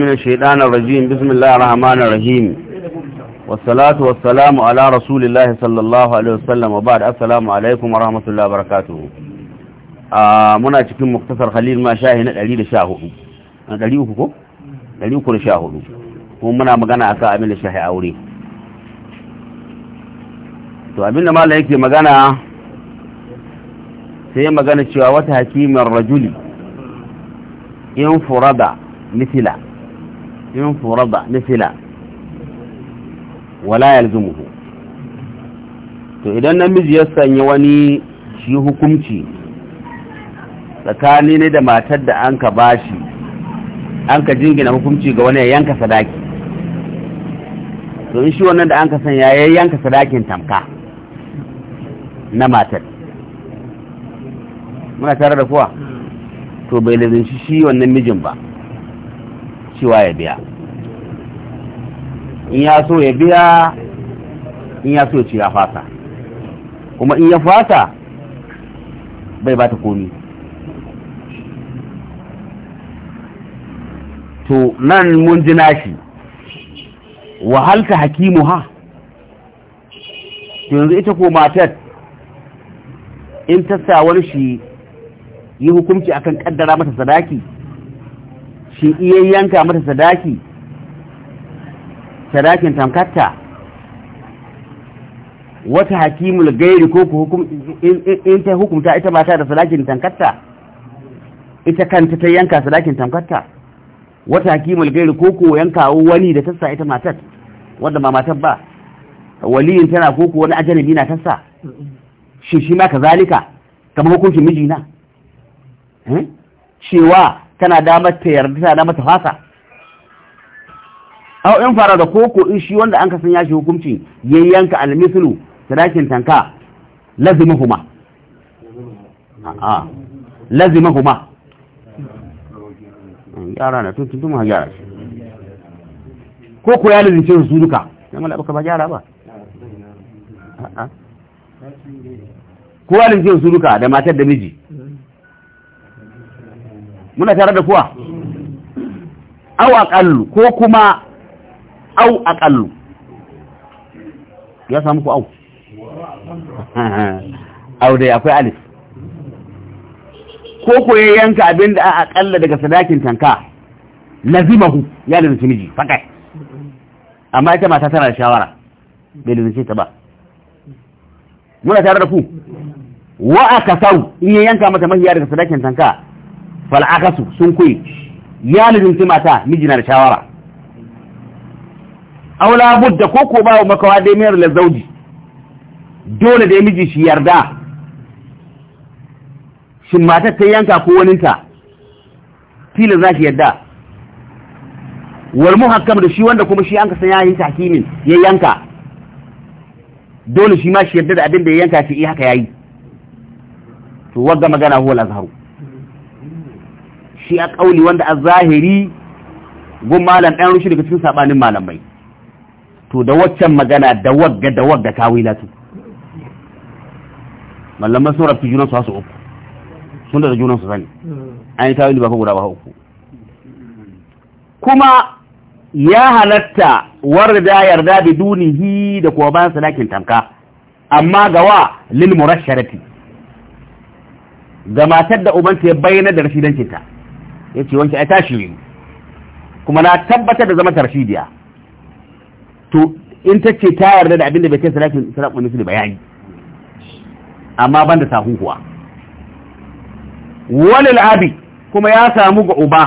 من الشيطان الرجيم بسم الله الرحمن الرحيم والصلاة والسلام على رسول الله صلى الله عليه وسلم وبعد السلام عليكم ورحمة الله وبركاته muna cikin muktasar khalil ma shahi na 114 na 300 ko 314 kuma muna magana akan abin da shahi aure to abin da malai yake magana sai magana cewa wata hakimar rajuli in furaga mithila ينفو رضع misila wala يلزمه to idan نمز ya sanya wani shi hukunci ندى ما da matar da an ka bashi an ka jingina hukunci ga wani ya yanka sadaki to in shi wannan da an ka sanya ya yanka sadakin tamka na matar muna tare da kuwa to bai lazinci shi wannan mijin ba cewa ya biya in ya so ya biya in ya so ya fasa kuma in ya fasa bai ba ta komi to nan mun ji nashi wahalta hakimu ha to yanzu ita ko matar in ta sawar shi yi hukunci akan kaddara mata sadaki shi iya yanka mata sadaki sadakin tamkatta wata hakimul gairi ko ku hukum in ta hukumta ita mata da sadakin tamkatta ita kanta ta yanka sadakin tamkatta wata hakimul gairi ko ku yankawo wani da tassa ita matar wanda ma matar ba waliyin tana ko ku wani ajanabi na tassa shi shi ma kazalika kamar hukuncin mijina eh? cewa tana damar ta yarda tana damar ta fasa aw in fara da koko in shi wanda an ka san ya shi hukunci ya yayyanka almislu sadakin tanka lazimahuma a'a lazimahuma yara na tun tun ha yara koko ya lazimce su duka dan Allah baka ba gyara ba a'a kowa lazimce su duka da matar da miji muna tare da kuwa aw aqall ko kuma au aqallu ya samu ku au au dai akwai alif ko ko ya yanka abinda a akalla daga sadakin tanka lazimahu ya da miji fakai amma ita mata tana da shawara bai da ta ba muna tare da ku wa aka in ya yanka mata mahiya daga sadakin tanka fal'akasu sun kuyi ya lizinci mata miji na da shawara aula budda ko ko bawo makawa dai mayar da zauji dole dai miji shi yarda shin matar ta yanka ko wani ta tilin za shi yarda wal muhakkam da shi wanda kuma shi an ka san yayin takimin ya yanka dole shi ma shi yarda da abin da ya yanka shi haka yayi to wanda magana huwa lazharu shi a kauli wanda a zahiri gun malam dan rushe daga cikin saɓanin malamai to da waccan magana da wagga da wagga tawilatu mallaman sun rafi junan su hasu uku sun da junan su sani hmm. an yi tawili ba ko guda ba uku kuma ya halatta warda yarda bi dunihi da kuma bayan sadakin tamka amma gawa lil murasharati ga matar da ubanta ya bayyana da rashidancinta ya ce wanke ai tashi kuma na tabbatar da zama tarshidiya to in ta ce ta yarda da abinda bai kai salatin salatin misali bayani amma ban da sahun kuwa walil abi kuma ya samu ga uba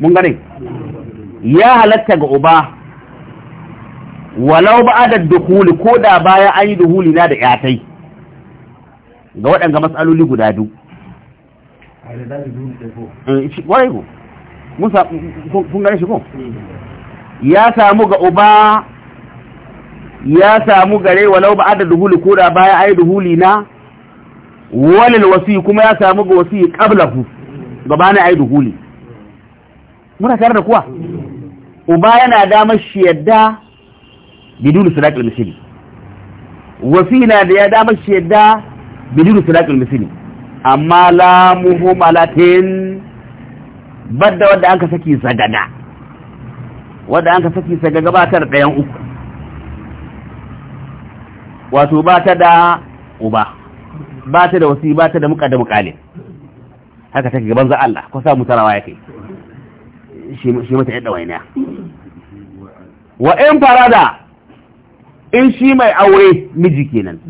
mun gane ya halatta ga uba walau ba da dukuli ko da baya an yi duhuli na da yatai ga waɗanga matsaloli guda biyu wai ko eh, kun gane shi ko mm. ya samu ga uba ya samu gare walau ba da duhuli ko da baya ai duhuli na walil wasi kuma ya samu ga wasi qablahu gabanin ai duhuli muna tare da kuwa uba yana damar shi yadda bidul sadaqil misli wasi na da ya damar shi yadda bidul sadaqil misli amma la muhumalatin badda wanda aka saki zadada wadda an ka saki sai ga gabatar ɗayan uku wato ba ta da uba ba ta da wasi ba ta da muka da mukale haka take gaban za Allah ko sa mutarawa yake shi mata yadda waina wa in farada in shi mai aure miji kenan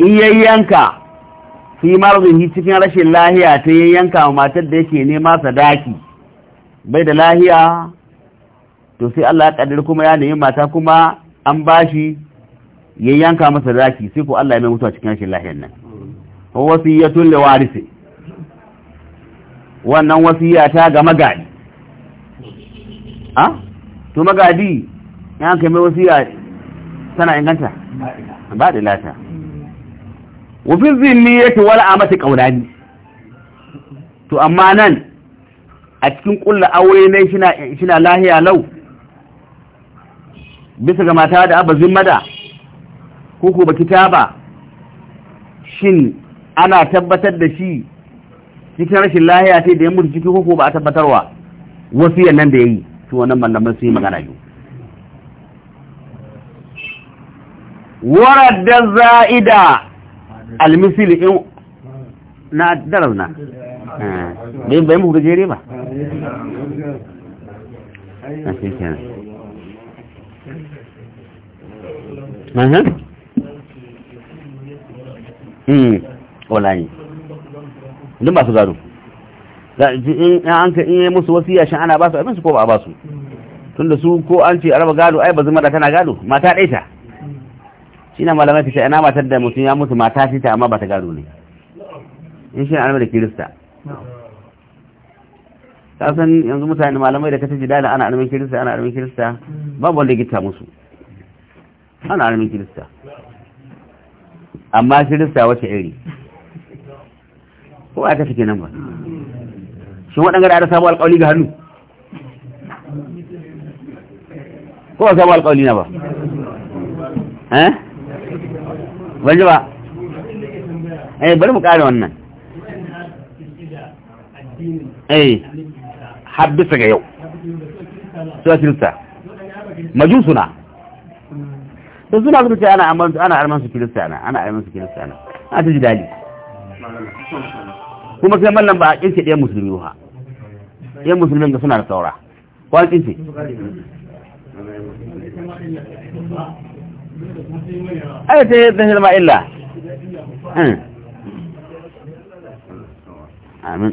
in yayyanka fi hi cikin rashin lahiya ta yayyanka matar da yake nema sadaki bai da lahiya to sai Allah ya kaddara kuma ya nemi mata kuma an bashi ya yanka masa zaki sai ko Allah ya mai mutuwa cikin rashin lafiyar nan wasiyatul liwarisi wannan wasiya ta ga magadi a ah? to magadi ya kai mai wasiya tana inganta ba da lata wafin zinniyati wal amati qaulani to amma nan a cikin kullu aure ne shi na lahiya lau bisa ga mata da abazin mada ko ko ba shin ana tabbatar da shi cikin rashin lahiya ce da ya mutu ciki ko ko ba a tabbatarwa wasu nan da ya yi su wannan mallamin sun yi magana warar da za'ida almisil in na darazna bai bai mu gajere ba Aha. Mm, wallahi. ba su gado. in an musu wasiya shin ana ba su abin su ko ba ba su. Tunda su ko an ce araba gado ai ba zama da tana gado mata ɗaya ta. Shi na malamai kace yana matar da mutum ya mutu mata ce ta amma ba ta gado ne. In shi na da Kirista. san yanzu mutane malamai da ka ta jidala ana armin Kirista ana armin Kirista babu wanda ya gita musu. ana alamin kirista amma kirista wace iri ko aka suke nan ba shi waɗanda da samu alƙawli ga hannu ko aka samu alƙawli na ba eh wani ba eh bari mu ƙara wannan eh habbisa ga yau su kirista majusuna da suna zuwa ana amman ana arman su kirista ana ana arman su kirista a ta ji dali kuma sai mallan ba a kince ɗaya musulmi ba ɗaya musulmin ga suna da saura ko an kince aka ta yi zahir ma illa hmm. amin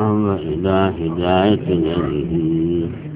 الله إلى هداية الذي